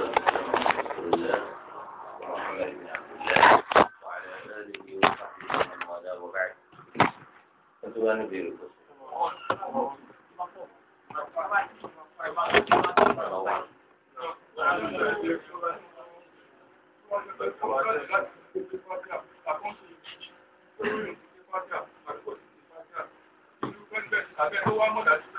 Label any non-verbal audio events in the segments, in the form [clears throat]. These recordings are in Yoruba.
والسلام على رسول الله محمد بن عبد الله وعلى آله وصحبه ومن والاه وبعد كنت أنا بيرك Thank you.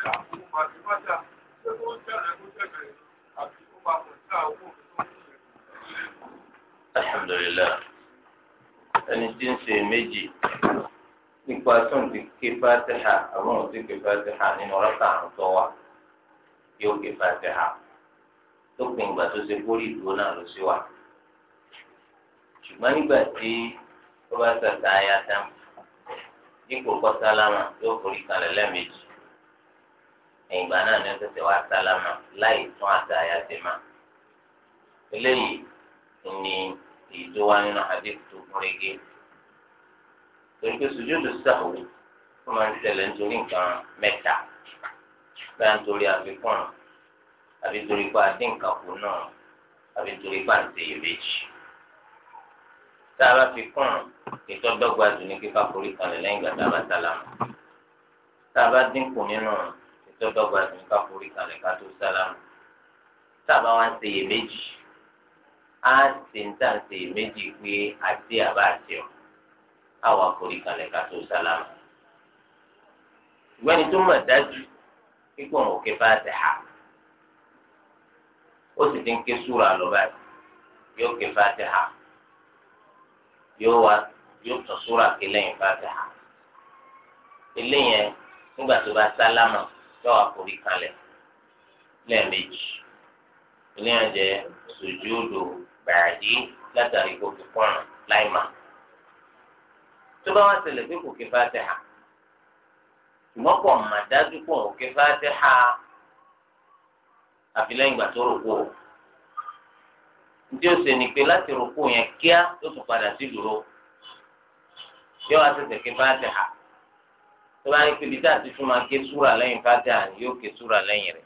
ti ń ṣe nípa tó ń ti ké fatiha àwọn ò ti ké fatiha nínú ké fatiha tó pin ìgbà tó ṣe kórì ìdúró náà ṣùgbọ́n nígbà tí ó bá ayá tán dípò kọ́ sálámà yóò forí kalẹ̀ lẹ́ẹ̀mejì ìgbà náà ni ó tẹ̀sẹ̀ wá sálámà láì tún àtà ayá má eléyìí ni nínú àdéhùn tó torí pé sùjúdù sahwi wọ́n máa ń tẹ̀lé nítorí nǹkan mẹ́ta bẹ́ẹ̀ nítorí àfikún àbí torí pé àdín nǹkan kù náà àbí torí pé àǹtí ìrèjì tá a bá fi kún ìtọ́dọ́gba jù ní kíkà forí kanlẹ̀ lẹ́yìn ìgbà tá a bá sálámù tá a bá dínkù nínú ìtọ́dọ́gba jù ní kíkà forí kanlẹ̀ ká tó sálámù tá a bá wá ń ṣe iyèméjì á ṣe ń tà ń ṣe iyèméjì pé àti àbá àti ọ̀. A àforíkalẹ̀ ká tó sálámà ìgbẹ́ni tó mọ̀ dájú kíkọ́ òun òkè bá ti hà ó sì ti ń ké súra lọ yóò ké bá ti hà yóò wá yóò tún súra ké bá ti hà eléyẹn nígbà tó bá sálámà látàrí tó bá wá ṣẹlẹ̀ pé kò ké fatiha ṣùgbọ́n pọ̀ mà dájú pé òun ké fatiha àfi lẹ́yìn ìgbà tó rògbò ntí ó ṣe ni pé láti rògbò yẹn kíá ló tún padà sí dúró yóò wá ṣẹ̀ṣẹ̀ ké fatiha tó bá yẹ pé tá a ti tún máa ké súra lẹ́yìn fatiha yóò ké súra lẹ́yìn rẹ̀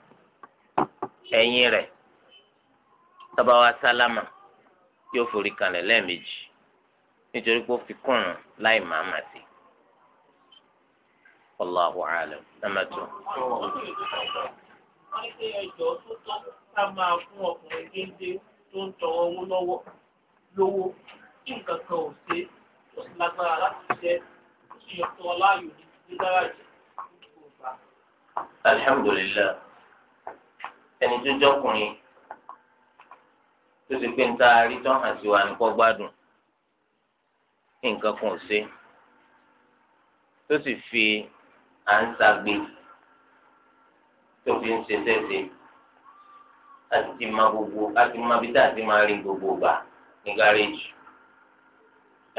ẹ̀yìn rẹ̀ tó bá sálámà yóò forí kalẹ̀ lẹ́ẹ̀mejì nítorí pé ó fi kùnrùn láì má má sí Allahu alam nàmà tó. wọ́n ní pé ẹjọ́ tó tọ́ ká máa fún ọkùnrin géńdé tó ń tọwọ́ owó lọ́wọ́ lówó kí nǹkan kan ò ṣe ó sì lágbára láti ṣe ó sì yọ tọ́ ní gáràjì nígbà gbà. alhamdulilayi ẹni tó jọkùnrin tó ti pé ń ta àrítọ́ àti wà ní kọ́ gbádùn nǹkan kan ò ṣe tó sì fi à ń sagbe tó fi ń ṣe sẹ́sẹ́ láti ti ma gbogbo láti ma bí táà ti máa rí gbogbo gbà ní gáréjì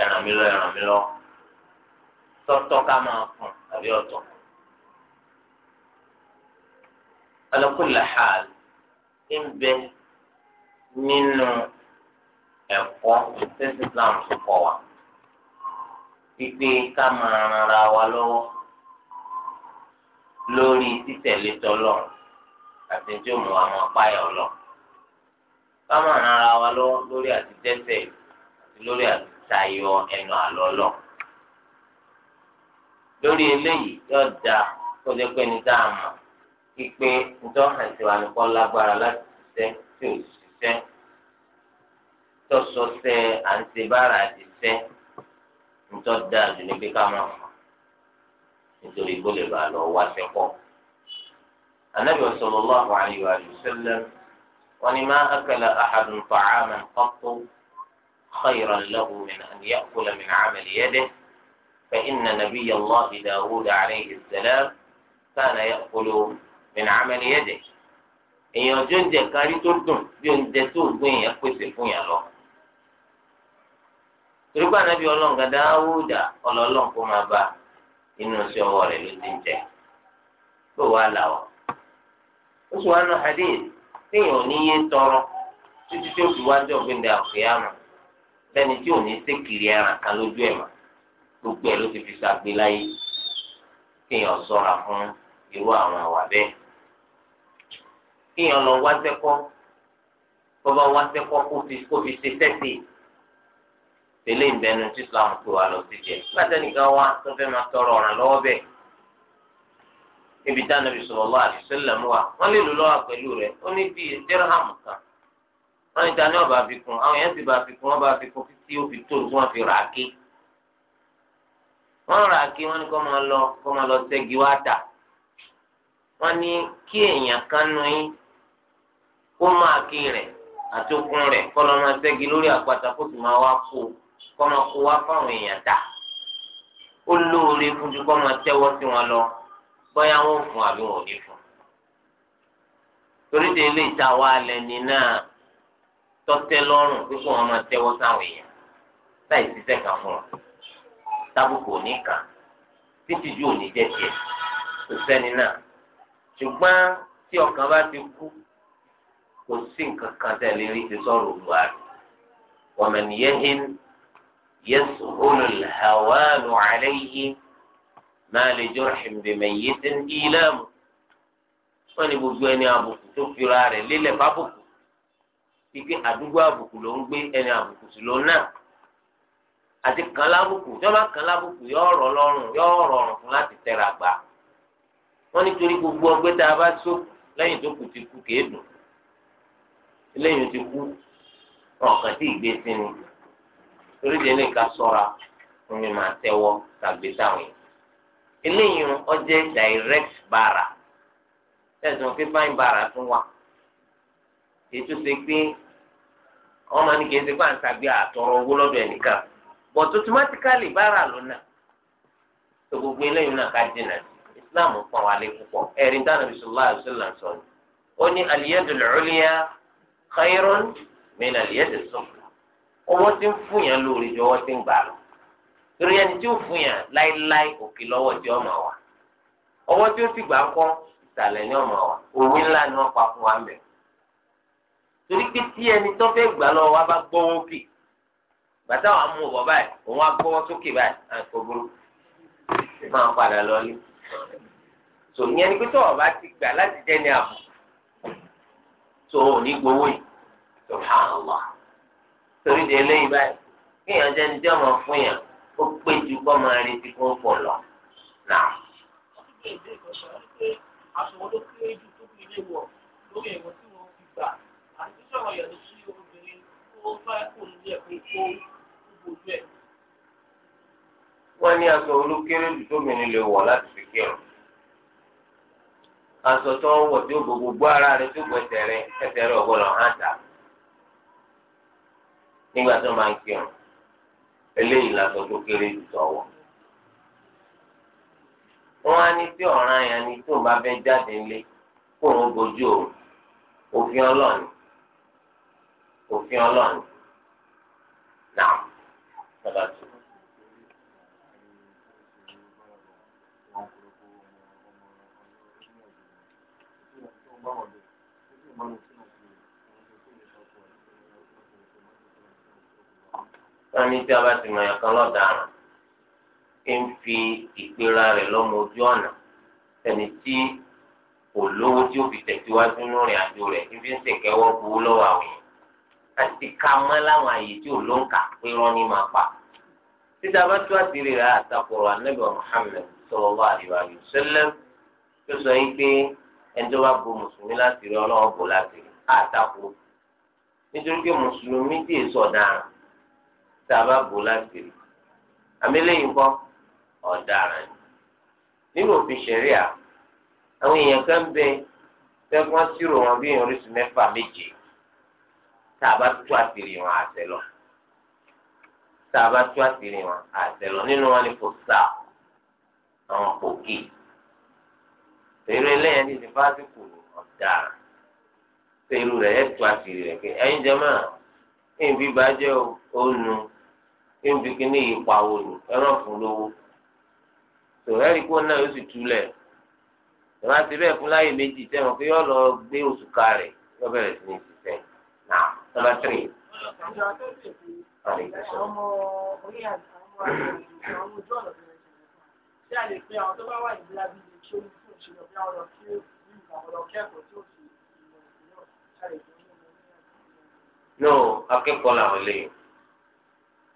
ẹ̀ràn mi lọ ẹ̀ràn mi lọ tọ́tọ́ ká máa kùn tàbí ọ̀tọ̀. ala kulli ń bẹ nínú ẹ̀kọ́ tẹ́sí Islam tó kọ́ wa. pípé ká máa ran ara wa lọ́wọ́ lórí títẹ̀lé tọ́lọ̀ àti tí ó mú àwọn apáyà ọlọ́ ká máa ran ara wa lọ́wọ́ lórí àti tẹ́sẹ̀ àti lórí àti tayọ ẹnu àlọ́ lọ. lórí eléyìí yóò da kó jẹ́ pé ní tá mọ̀ pípé nítorí hàn sí wa ní kọ́ lágbára láti ṣiṣẹ́ tí ò ṣiṣẹ́ tọ́sọ̀ọ́sẹ́ à ń ṣe bára àti ṣiṣẹ́. nítorí dáa jù ní pé ká máa mọ̀ nítorí kó lè bàa lọ wá sẹ́kọ̀. النبي صلى الله عليه وآله وسلم ولما أكل أحد طعاما قط خيرا له من أن يأكل من عمل يده فإن نبي الله داود عليه السلام كان يأكل من عمل يده èèyàn ọjọ́ oúnjẹ kárí tó dùn bí oúnjẹ tó gbé èèyàn pèsè fún yàn lọ torí pé ànábì ọlọ́run gàdá áwòdà ọlọ́run kó máa bá inú sí ọwọ́ rẹ̀ ló ti ń jẹ pé wàá là ọ. ó sì wá nù hadith téèyàn ò ní yé tọrọ títí tó fi wájú ọ̀gbìndà àfẹ́yàmù lẹ́ni tí ò ní sékìrì ara kan lójú ẹ̀ mà gbogbo ẹ̀ ló ti fi ṣàgbé láyé kéèyàn sọ́ra fún irú àwọn àwà bẹ́ẹ̀. kéèyàn lọ wá sẹ́kọ́ bọ́bá wá sẹ́kọ́ kó fi ṣe tẹ́sí. tẹ́lẹ̀ ìbẹnu tí islam tó wà lọ sí jẹ gbàtẹ nìkan wá tó fẹ́ máa tọrọ ọ̀ràn lọ́wọ́ bẹ́ẹ̀ níbi tá nàbì sallallahu a wasallam wà wọn lè lò lọ́wọ́ ó ní bíi kan wọn ní ọba àfikún àwọn yẹn ti bá àfikún wọn bá àfikún títí ó lọ máa lọ wá tà wọn ní kí èèyàn kan yín kó máa máa kọ́mọ kó wá fáwọn èèyàn dà ó lóore fún ju kọ́mọ tẹ́wọ́ sí wọn lọ bóyá wọn ò fún àbí wọn ò ní fún torí de ilé ìta wa lẹni náà tọ́tẹ́ lọ́rùn pé kó wọn máa tẹ́wọ́ sáwọn èèyàn láì ṣiṣẹ́ kan fún wọn tábùkù ò ní kàn títí ju òní jẹ́ tiẹ̀ kò sẹ́ni náà ṣùgbọ́n tí ọkàn bá ti kú kò sí nǹkan kan tẹ̀lé rí ti sọ̀rọ̀ olùwárí wọ́n mẹ́ni يسهل الهوان عليه ما لجرح بميت إيلام. wọ́n ní gbogbo ẹni àbùkù tó fira rẹ̀ lélẹ̀ fábùkù ike àdúgbò àbùkù ló ń gbé ẹni àbùkù sí ló náà àti kan lábùkù tí wọ́n bá kan lábùkù yóò rọ̀ lọ́rùn yóò fún láti tẹ̀ra gbà wọ́n nítorí gbogbo ọgbẹ́ tá a bá so lẹ́yìn tó kù ti kú kéèdùn lẹ́yìn tó kú ọ̀kan tí ìgbésí ni torí de lè ka sọ́ra fún mi máa tẹ́wọ́ direct bara tẹ̀sán pé bara tún wà ètò ṣe pé ọmọ ní kì í ṣe pé à ń tàgbé àtọrọ owó lọ́dọ̀ ẹnìkan but automatically bara ló náà tó gbogbo eléyìí náà ká dènà Islam pọn wà lé púpọ̀ ẹ̀rín dáná bisimilahi sallam sọ ni ó ní aliyadu lọ́ọ́lìyà khayrun min owó tí ń fún yàn lórí ju owó tí ń gbà lọ torí ẹni tí ó fún yàn láéláé òkè lọ́wọ́ tí ọmọ wa owó tí ó sì gbà kọ́ ìsàlẹ̀ ní ọmọ wa òwe ńlá ni wọ́n pa fún wa mẹ́ torí pé tí ẹni tó fẹ́ gbà lọ wa bá gbọ́ òkè bàtà wà mú bọ̀ báyìí òun á gbọ́ sókè báyìí àti kòkòrò máa padà lọlé tò ìyẹn ni pé tó ọba ti gbà láti jẹ́ àbùkù tó ò ní gbowó yìí torí di eléyìí báyìí kéèyàn jẹ́ ní jẹ́mọ̀ fún yàn ó pé ju kọ́ máa rí ti kó pọ̀ lọ. wọ́n ní aṣọ olókéré jù tóbìnrin lè wọ̀ láti fi kírun aṣọ tó wọ̀ tí ó gbogbo gbọ́ ara rẹ̀ tó gbọ́ ẹsẹ̀ rẹ̀ ẹsẹ̀ rẹ̀ ọ̀gbọ́dọ̀ nígbà tó máa ń kírun eléyìí lásán tó kéré jù sọ́wọ́. wọ́n á ní tí ọ̀ràn yẹn ni tó bá fẹ́ jáde ńlé kó òun bojú òun òfin ọlọ́ọ̀ni òfin ọlọ́ọ̀ni náà sábà tó. Thank sani tí a bá ti mọ̀yàn kan lọ́daràn kí n fi ìpera rẹ̀ lọ́mọ ojú ọ̀nà ẹni tí kò lówó tí ó fi tẹ̀síwájú lórin àjò rẹ̀ tí fi ń ṣèkẹ́wọ́ gbowó lọ́wọ́ àwọn yẹn àti ká mọ́ láwọn àyè tí ò ló ń kà pé wọ́n ní máa pa. títa bá tó àtìrí rẹ̀ àtakùrọ̀ anábì Muhammad sallallahu alaihi wasallam tó sọ yìí pé ẹni tó bá bo mùsùlùmí láti rí ọlọ́wọ́ bò láti rí àtakùrọ̀ nítorí pé mùsùlùmí tí èso ọ̀daràn tá a bá bò láṣìírí àmì lẹ́yìn kọ́ ni nínú òfin ṣẹ̀ríà àwọn èèyàn kan bẹ tẹ́gbọ́n sírò wọn bí oríṣi mẹ́fà méje tá a bá tú wọn àṣẹ lọ tá a bá wọn àṣẹ lọ nínú wọn ni kò sá àwọn pòkì èrò eléyàn ti ti fásitì ọ̀daràn pẹ̀lú rẹ̀ ẹ̀ tú àṣírí rẹ̀ pé ẹ̀yin jẹ́ mọ́ ẹ̀yin bíbá jẹ́ kéńbi kíní yìí pa owó ni ẹran fún lówó tòrẹ́rì kó náà yóò sì túlẹ̀ tòmá ti bẹ́ẹ̀ fún láyè méjì sẹ́wọ̀n pé yọ lọ gbé oṣù ká rẹ̀ yọ bẹ̀rẹ̀ sí ní ṣiṣẹ́ náà nọ́mbà tírì. ọmọ orí àti àwọn ọmọ ojú no akẹ́kọ̀ọ́ làwọn eléyìí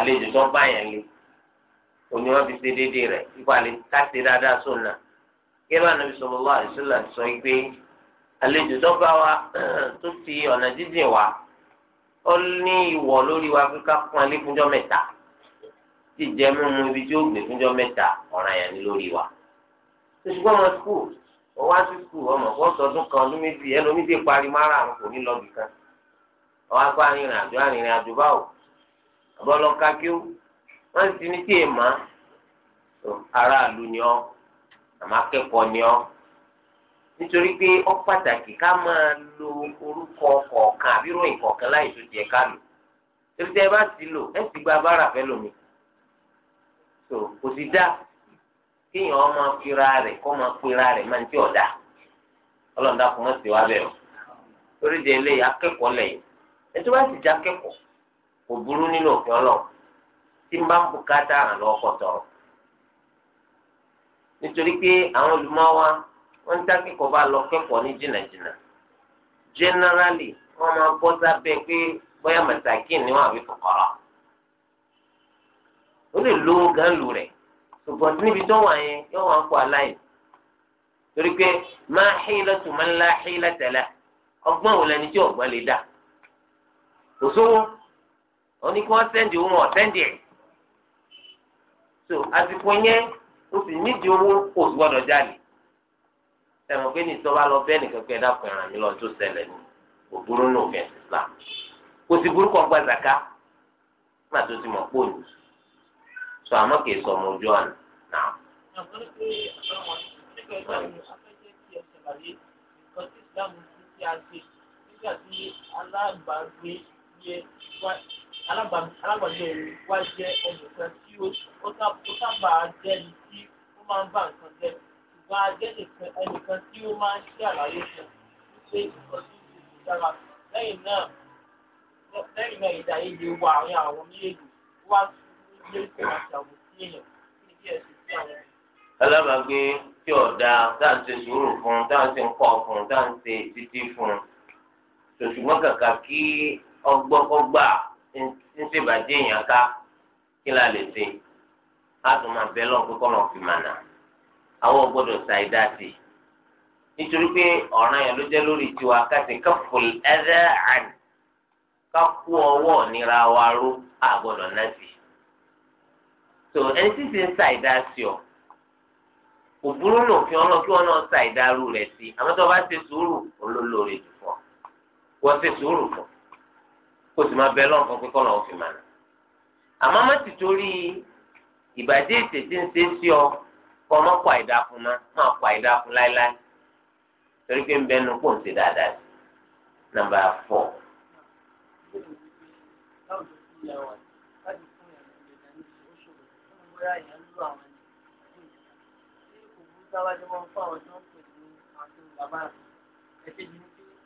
àlejò tó bá yẹn lé òní wọn fi ṣe déédéé rẹ̀ ipò àlè káṣe dáadáa sóńnà kíláà nàbí sallallahu alaihi wasallam sọ pé àlejò tó bá wa [clears throat] tó ti ọ̀nà jíjìn wa ó ní ìwọ̀ lórí wa pé ká pọn alé fúnjọ́ mẹ́ta jíjẹ mímu ibi tí ó gbé fúnjọ́ mẹ́ta ọ̀ràn yẹn ni lórí wa ṣùgbọ́n ọmọ skul wọ́n wá sí skul ọmọ wọ́n sọdún kan ọdún méjì ẹlòmídìí parí márùn-ún kò ní lọ́ọ̀bì kan ọ̀hún akọ arìnrìn àjò arìnrìn àjò báwò bọ́lọ́ka kí ó ti ní tí èèmá aráàlú ni ọ́ àmọ́ akẹ́kọ̀ọ́ ni ọ nítorí pé ọ pàtàkì ká máa lo orúkọ kọ̀ọ̀kan àbí ròyìn kọ̀ọ̀kan láì tó jẹ ká lò ẹ bá ti lò ẹ ti gba bára fẹ́ lómi kò sì dá kéèyàn máa fira kó fira máa ń tí sí wa bẹ́ẹ̀ o de akẹ́kọ̀ọ́ lẹ́yìn ẹ tó bá kò burú nínú òfin ọlọ́run tí n bá ń bùkátà àlọ́ ọkọ̀ tọ̀rọ̀ nítorí pé àwọn olùmọ̀ wa wọ́n ń dákẹ́kọ̀ọ́ bá lọ kẹ́kọ̀ọ́ ní jìnnàjìnnà generally wọ́n máa bọ́ sábẹ́ pé bóyá mẹ̀tàkìn ni wọ́n àbí fòkọ́rọ́ ó lè lówó gan lù rẹ̀ ṣùgbọ́n níbi tó wà yẹn yóò wá ń kó aláìní torí pé máa hílatu man la hílata ọgbọ́n òun lẹni tí ọ̀gbọ́n lè dá kò sówó wọ́n ní kí wọ́n sẹ́ndì owó wọn sẹ́ndì ẹ̀ so àsìkò yẹn o sì nídi owó kò sí gbọ́dọ̀ jáde ẹnu pé ní ìtọ́ bá lọ bẹ́ẹ̀ nìkan pé ẹ̀dá kan ràn mí lọ tó ṣẹlẹ̀ ní òbúrú ní òfin Islam kò sí burúkú ọgbà zaka má tó ti mọ̀ pò ní so àmọ́ kì í sọ ọmọ ojú ọ̀nà náà. Nígbà tí alábàágbé yẹ wá alágbàdo wa jẹ́ ẹnìkan tí ó sábà jẹ́ ẹni tí ó máa ń bá nǹkan jẹ́ ṣùgbọ́n a jẹ́ ẹnìkan tí ó máa ń ṣe àlàyé fún pé ìtọ́jú ìlú dára lẹ́yìn náà lẹ́yìn náà ìdá yìí lè wà àárín àwọn méjèèjì wá sí ilé ìfẹ́ àti àwọn sí èèyàn kí ni kí ẹ sí àwọn alábàágbé tí ọ̀dà táà sùúrù fún táà ń fún táà títí fún ṣùgbọ́n kàkà kí ọgbọ́kọ́gbà ń ṣèbàjẹ́ èèyàn ká kí la lè ṣe a tún máa bẹ lọ́n pé kọ́ lọ́n fi mànà àwọn gbọ́dọ̀ ṣàìdá sí i nítorí pé ọ̀ràn yẹn ló jẹ́ lórí tiwa ká sì kaful adha an ká kú ọwọ́ nira wa ró a gbọ́dọ̀ ná sí i tó ẹni tí ti ń ṣàìdá sí ọ kò burú nù fi ọ kí wọn náà ṣàìdá rú rẹ sí i àmọ́ bá ṣe sùúrù olólórí jù fún ọ wọ́n ṣe sùúrù fún ọ kó sì máa bẹ lọ́rùn kan pé kọ́ lọ́wọ́ fi mànà àmọ́ má ti torí ìbàjẹ́ ètè tí ń ṣe sí ọ kọ́ ọ má kọ àìdá fún ma má kọ àìdá fún láéláé torí pé ń bẹ nu kó ń ṣe dáadáa sí nàmbà fọ.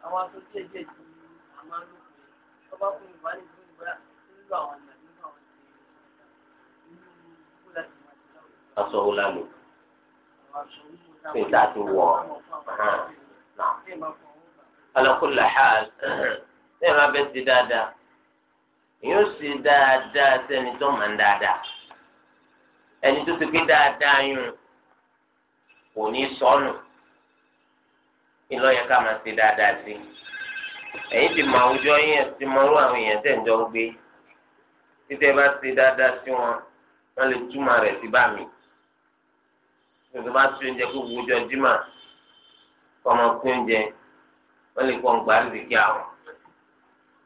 Àwọn aṣojú ẹ̀jẹ̀ ti àwọn alókè ọba fún mi wà ní ìlú ìgbà nínú àwọn ìyá nínú àwọn ìṣe nínú kó láti máa ti láwùjọ. aṣọ wo la lò pété àti wọ alakola xaal ṣé ìran abẹ [clears throat] ti dáadáa yóò ṣe dáadáa sẹni tó máa ń dáadáa ẹni tó ti pé dáadáa yún kò ní sọnù ìlọ máa ṣe dáadáa sí i ẹ̀yin ti mọ àwùjọ yín ẹ̀ ti mọ irú àwọn èèyàn tẹ̀ ń jọ ń gbé títẹ́ bá ti dáadáa sí wọn wọ́n lè túmọ̀ rẹ̀ sí bá mi tuntun bá tún oúnjẹ kó wùjọ jimá kọ́mọ kún oúnjẹ wọ́n lè kọ́ ń gbá zìkì àwọn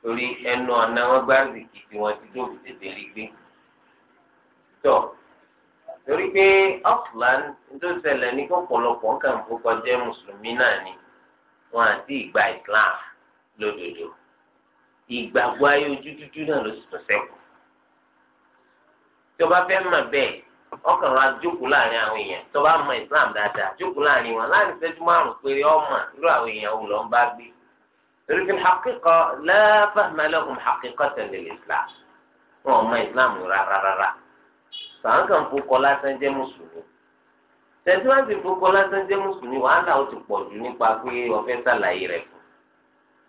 torí ẹnu ọ̀nà wọn gbá zìkì tí wọ́n ti tó tètè rí gbé tọ̀ torí pé ọ̀fúlán tó ṣẹlẹ̀ ní kọ́pọ̀lọpọ̀ nǹkan fún kọjá mùsùlùmí náà ni wọn àti ìgbà ìsìláàmù. lódodo ìgbàgbọ́ ayé ojú dúdú náà ló sì tí o bá fẹ́ mọ̀ bẹ́ẹ̀ ọkàn wa jókòó láàrin àwọn èèyàn tó bá mọ Islam dáadáa jókòó láàrin wọn láàrin ìṣẹ́jú márùn péré ọmọ irú àwọn èèyàn òun ló bá gbé torí fi Islam Islam rárá rárá fokọ lásán jẹ́ mùsùlùmí tẹ̀síwájú fokọ lásán jẹ́ mùsùlùmí wàhálà ó ti pọ̀ jù nípa pé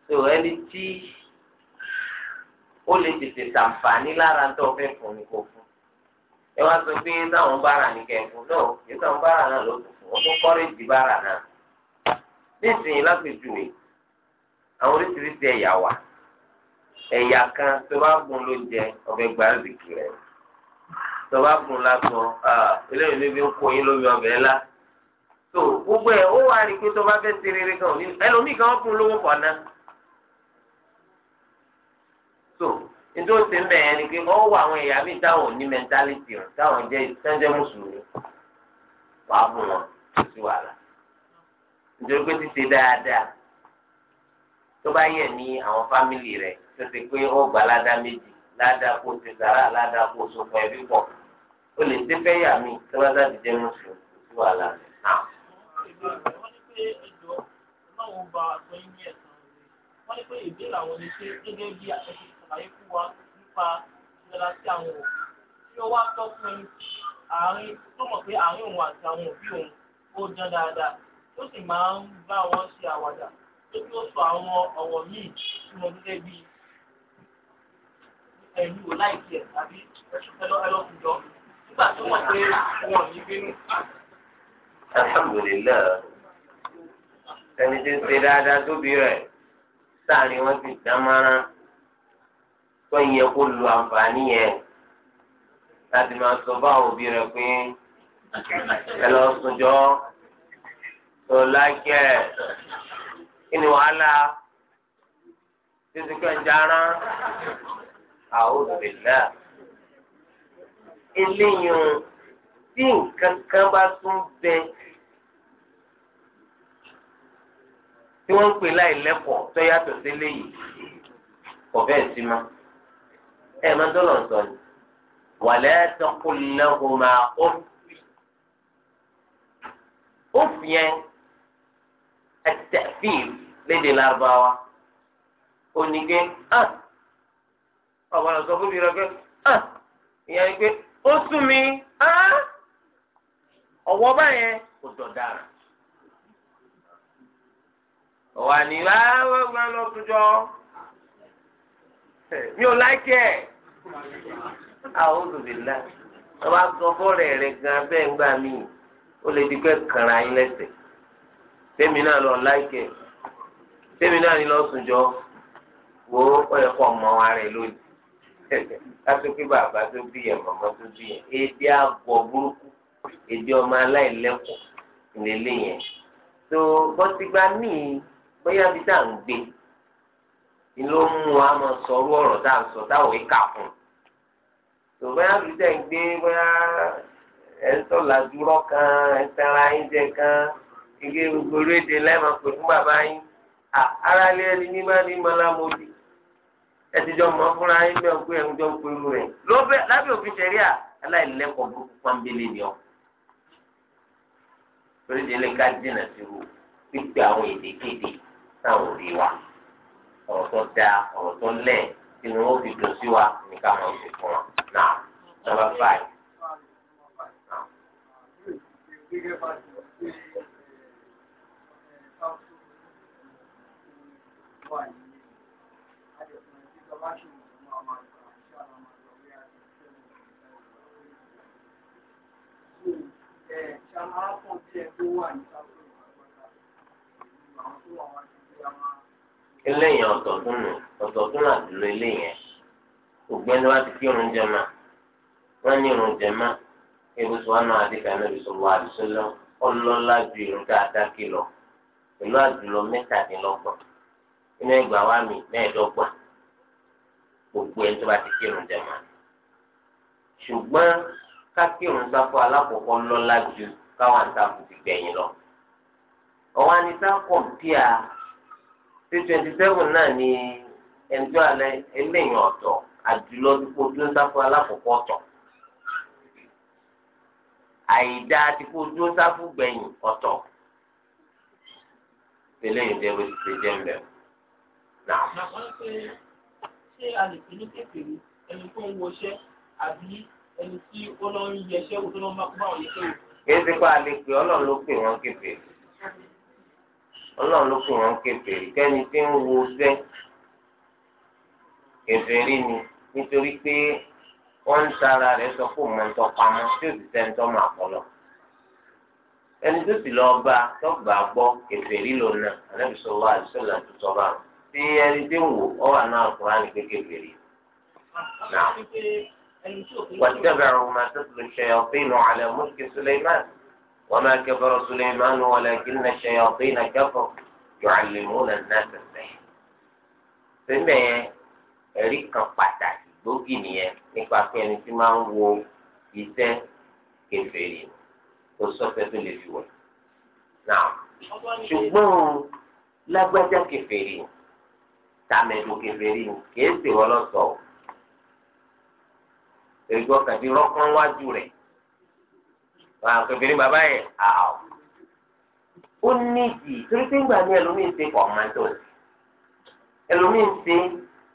tó ẹni tí ó lè tètè ṣàǹfààní lára tó fẹ́ fún ni kò fún ẹ wá sọ pé táwọn bára ní kẹfún náà yìí táwọn bára náà ló tún fún ó tún kọ́rẹ́jì bára náà nísìnyí lápèjúwe àwọn oríṣiríṣi ẹ̀yà wà ẹ̀yà kan tó bá gun lóúnjẹ ọ̀bẹ gbàrúdìkì rẹ̀ tó bá gun lásán eléyìí ló fi ń kó yín lómi ọbẹ̀ ńlá tó gbogbo ẹ̀ ó wà ní pé tó bá fẹ́ ṣe rere kan ẹlòmíì kan ó gun lówó pọ̀ náà. nítorí ó ti ń bẹ̀ yẹn ni pé ó wà àwọn èèyàn mi táwọn ò ní mẹ́ńtálítì ọ̀ táwọn jẹ́ sẹ́ńjẹ́ mùsùlùmí wàá bù wọn tó sì wà lá nítorí pé ti ṣe dáadáa tó bá yẹ ní àwọn fámìlì rẹ̀ tó ti pé ó gbà ládàá méjì ládàá kó ti sàrà ládàá kó sopọ̀ ẹbí pọ̀ ó lè dé fẹ́ yà mí tó bá sáà jẹ́ mùsùlùmí tó sì wà lá wọ́n ní pé ìbéèrè àwọn oníṣẹ́ gẹ́gẹ́ bí àtẹ̀sí ṣàlàyé fún wa nípa ìlera sí àwọn òbí tí ó wá tọ́ fún ẹni àárín tó mọ̀ pé àárín òun àti àwọn òbí òun ó dán dáadáa ó sì máa ń bá wọn ṣe àwàdà tó bí ó sọ àwọn ọ̀rọ̀ míì tí mo gẹ́gẹ́ bí ẹ̀yìn ò láìkí ẹ̀ tàbí ẹlọ́kùnjọ́ nígbà tó mọ̀ pé wọn ò ní bínú. alhamdulilayi ẹni tí ń ṣe dáadáa tóbi rẹ̀ sáà ni wọ́n ti dá mọ́ra tó yẹ kó lu àǹfààní yẹn láti máa sọ báwọn òbí rẹ pé ẹ lọ sunjọ tó láìkẹ kí ni wàhálà títí kẹjá rán àwọn òbí náà eléyìí tí nǹkan kan bá tún bẹ tí wọ́n ń pè láì lẹ́kọ̀ọ́ tó yàtọ̀ sí eléyìí kò bẹ́ẹ̀ sí máa ẹ máa ń tọ́lọ̀ ń sọ ni wàlẹ́ tọkùnlẹ́hùn máa ó ó fi yẹn ẹ̀tẹ̀fín léde lárúbáwá ó ní pé ah! ọ̀gbọ́n sọ fún mi rẹ pé ah! ìyẹn ni pé ó sún mi ah! ọ̀wọ́ báyẹn kò dọ̀dára ọ̀wà ní wàá wọ́n gbọ́n lọ́tún jọ mi ò láìkẹ́ ẹ̀ àwọn olùdílà wọn bá gbọ́ fọ́ọ̀rẹ́ rẹ gan bẹ́ẹ̀ ń gbà mí ó lè di pé kàrà yín lẹ́sẹ̀ tèmi náà lọ láìkẹ́ tèmi náà ní lọ́sùnjọ́ wo ó yẹ kó ọmọ wa rẹ lónìí kásókè bàbá tó bí yẹn màmá tó bí yẹn èdè àgọ́ burúkú èdè ọmọ aláìlẹ́kọ̀ọ́ ìlélẹ́yìn tó bọ́sígbà míì bóyá bí tá à ń gbé ló mú wa máa sọrú ọ̀rọ̀ tá à ń sọ táwọn ìka fún un. tó bóyá fi tẹ̀ ń gbé bóyá ẹ̀ ń sọ̀là dúró kan ẹ̀ ń tẹ́ra yín jẹ kan igi gbogbo rédè lẹ́ẹ̀ma pè fún bàbá yín. ara lé ẹni ní bá ní mọ́lá mo di. ẹ ti jọ mọ́ fúnra yín bẹ́ẹ̀ pé ẹ̀ ń jọ ń pe irú rẹ̀. lọ́bẹ̀ lábẹ́ òfin ṣẹ̀ríà aláìlẹ́kọ̀ọ́ burúkú pọ́nbélé ni ọ. torí délé ká ọ̀rọ̀ tó dáa ọ̀rọ̀ tó lẹ̀ tí ni wọ́n fi dùn sí wa ní káwọn ìṣe fún wa náà nọ́mbà five. Ṣé eléyìn ọ̀tọ̀tún nù ọ̀tọ̀tún àdúró eléyìn gbogbo ẹni wá ti kí irun jẹma wọn ní irun jẹma ebusu wa náà adéka náà bisọ wà àdùsọlọ ọlọlá ju irun dáadáa kí lọ pẹ̀lú àdúró mẹ́tàdínlọ́gbọ̀n inú ẹgbàá wa mi gbogbo ẹni tó bá ti kí irun ṣùgbọ́n alákọ̀ọ́kọ́ lọ́lá ju káwọn lọ tí twenty seven náà ni ẹnjọ́ alẹ́ eléyìn ọ̀tọ̀ àjùlọ dípò tó sáfù alákọ̀ọ́kọ́ ọ̀tọ̀ àyídá dípò tó sáfù gbẹ̀yìn ọ̀tọ̀ eléyìn jẹ́ ti ṣe jẹ́ mbẹ́ náà. ṣé a lè fi ní kékeré ẹni tó ń wọṣẹ́ àbí ẹni tí ó lọ ń yẹṣẹ́ wò tó lọ́ ń bá kó báwọn yẹṣẹ́ wò. kí ẹ ti pa àlè pé ọlọ́run ló pè wọ́n kékeré ọlọ́run ló fi hàn kèfèrí kẹ́ni tí ń wo sẹ́ kèfèrí ni nítorí pé wọ́n ń tara rẹ̀ sọ pé òun ń tọpamọ́ tí ó sì sẹ́ni tó máa kọ́ lọ. ẹni tó sì lọ́ọ́ bá tọ́gbà gbọ́ kèfèrí ló na ànábì sọ̀rọ̀ àdìsọ́là tó sọ bá wọn tí ẹni tí ń wò ọ wà náà kúrò ní pé kèfèrí. wàtí dàbẹ̀rù màtí tó ṣe ọ̀fìn nù alẹ́ mú kí Suleiman. وما كفر سليمان ولكن الشياطين كفروا يعلمون الناس السحر síbẹ̀ ẹ̀rí kan pàtàkì gbòógì nìyẹn nípa pé ẹni tí máa ń wo iṣẹ́ kèfèrí kò sọ́fẹ́ tó lè fi wọ̀ náà ṣùgbọ́n lágbájá kèfèrí tàmẹ̀dù kèfèrí kìí ṣèwọ́ lọ́sọ̀ọ́ èrìgbọ́ kàdí rọ́kàn wájú rẹ̀ wà á pèbèrè bàbá yẹn àwọ. Ah. ó ní ìdí torí pé ńgbà ní ẹlòmíín ṣe kọ̀ máa tó sí ẹlòmíín ṣe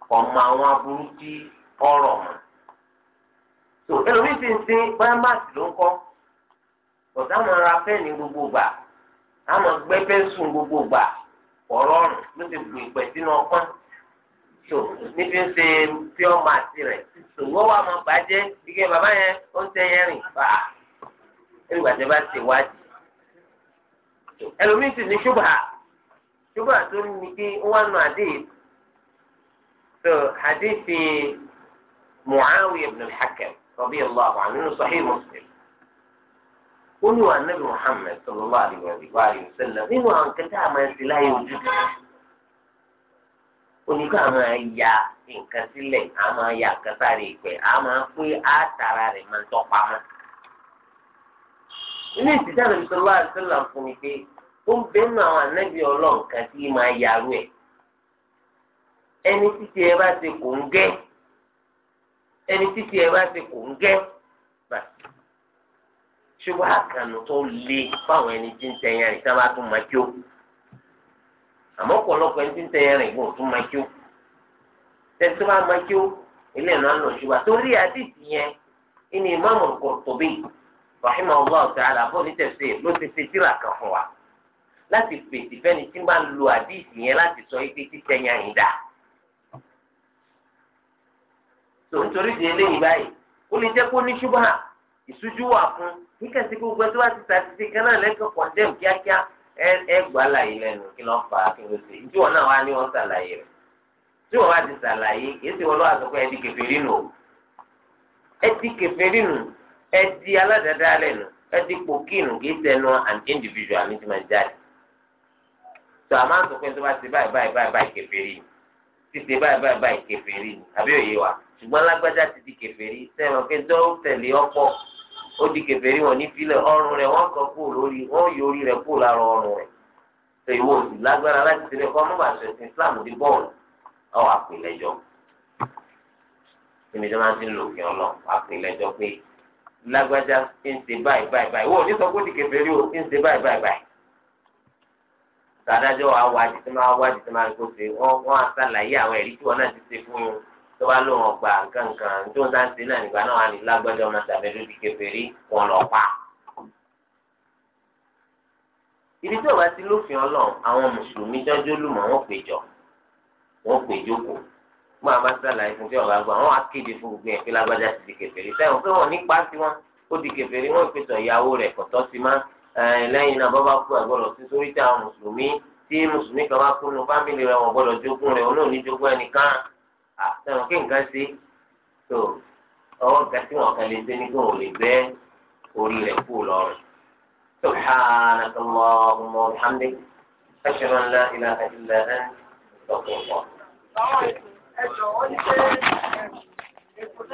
kọ̀ máa wọn aburú tí ọrọ̀ mọ́. tó ẹlòmíín ṣe ń ṣe báyọ̀ ló ń kọ́ ọ̀dà máa ra pẹ́ẹ̀nì gbogbo gbà á máa gbẹ́ pẹ́ńsùn gbogbo gbà ọ̀rọ̀ ọ̀rùn ló ti gbò ìpẹ́ sínú ọpọ́n so níbi ń ṣe pure mass rẹ̀ so wọ́n wà máa bàjẹ́ gẹ́gẹ́ bàbá yẹn ó ń tẹ́ yẹn rìn fà á ẹgbà tẹ bá ti wájú ẹlòmíì sì ní ṣubha ṣubha tó ní pé wọn nù hadith tó hadith Muawiya ibn al-Hakam radiyallahu anhu sahih Muslim olú anabi muhammed sallallahu alayhi wa alayhi wa sallam nínú àwọn kẹta àmà ẹsẹ láyé ojú oníkó àmà ya nǹkan sílẹ̀ àmà ya kẹta rẹ̀ pẹ̀ àmà pé àtàrà rẹ̀ máa ń tọpa mọ́ ilé ìtìjà lè sọ láti sọlá fún mi pé ó ń bẹ nínú àwọn anábì ọlọ́run kan tí máa yarú ẹ̀ ẹni títí ẹ bá ti kò ń gẹ́ ẹni títí ẹ bá ti kò ń gẹ́ bàtí ṣùgbọ́n àkànnù tó le fáwọn ẹni tí ń tẹ̀yìn àrìn sábà tún máa jó àmọ́ ọ̀pọ̀lọpọ̀ ẹni tí ń tẹ̀yìn àrìn gbọ̀n tún máa jó tẹ̀sí tó bá máa jó ilé ìnáwó ṣùgbọ́n torí àdìsí yẹn ìní ìmáàmù Qurtubi yìí. rahimahullah ta'ala àbọ̀ onítẹ̀sẹ̀ ló ti fi tíra kan fún wa láti pèsè fẹ́ni tí máa ń lo àdìsí yẹn láti sọ pé títẹ̀yìn àyìn dà. tó nítorí di eléyìí báyìí ó lè jẹ́ kó ní ṣubá ìṣújú wà fún kíkẹ́sí gbogbo ẹ tó bá ti ṣàtìsí kan náà lẹ́kọ̀ọ́ kọ̀ndẹ́m kíákíá ẹ gbà á lẹ́nu kí lọ́ọ́ fà á kí ló ṣe ìjọ náà ní rẹ̀ tí wọ́n ẹ di aládàáda lẹ́nu ẹ di pòkínù kì í sẹ́nu an individual ní ti máa jáde tó a máa ń sọ pé tó bá ti báyìí báyìí báyìí báyìí kèfèrí ni títí báyìí báyìí báyìí kèfèrí ni àbí òye wa ṣùgbọ́n lágbájá ti di kèfèrí sẹ́wọ̀n pé tó tẹ̀lé ọ̀pọ̀ ó di kèfèrí wọn ní filẹ̀ ọrùn rẹ̀ wọ́n kàn kú lórí wọ́n yọ orí rẹ̀ kú lára ọrùn rẹ̀ tó ìwọ òsì lágbára láti tẹ̀lé kọ́ mọ́ bàtà ẹ̀sìn Islam di bọ́ọ̀lù ọ̀ àpilẹ̀jọ́ ìmìjọba ti ń lò kí ọlọ́ àpilẹ̀jọ́ pé lágbájá ń ṣe báyìí báyìí báyìí wọ́n ò ní sọ pé ó di kèfèrí o ń ṣe báyìí báyìí báyìí sàdájọ́ wa wájú tí máa wájú tí máa kó ṣe wọ́n wọ́n á ṣàlàyé àwọn ẹ̀rí tí wọ́n náà ti ṣe fún un tó bá lóun ọgbà kankan tó ń sáńsì náà nígbà náà wà ní lágbọ́dọ̀ máa ṣàbẹ̀dọ̀ di kèfèrí wọn lọ pa. ibi tí ọba ti lófin Ọlọ́run àwọn mùsùlùmí jọjọ lùmọ wọn péjọ wọn péjọ kò mú amásàlà ìfún tí ọba gbọ́ àwọn akéde fún gbogbo yẹn pé lágbájá ti di kèfèrí sẹ́wọ̀n pé wọ́n nípa sí wọn ó di kèfèrí wọ́n pèsè ìyàwó rẹ̀ kọ̀tọ́ sí má lẹ́yìn náà bọ́bá kú àgbọ̀dọ̀ sí sórí tí àwọn mùsùlùmí tí mùsùlùmí kan bá kú nu fámìlì rẹ̀ wọ́n gbọ́dọ̀ jogún rẹ̀ olóòní jogún ẹnìkan àtẹ̀wọ̀n kí nǹkan ṣe tó ọwọ́ ẹjọ́ wọ́n ní pé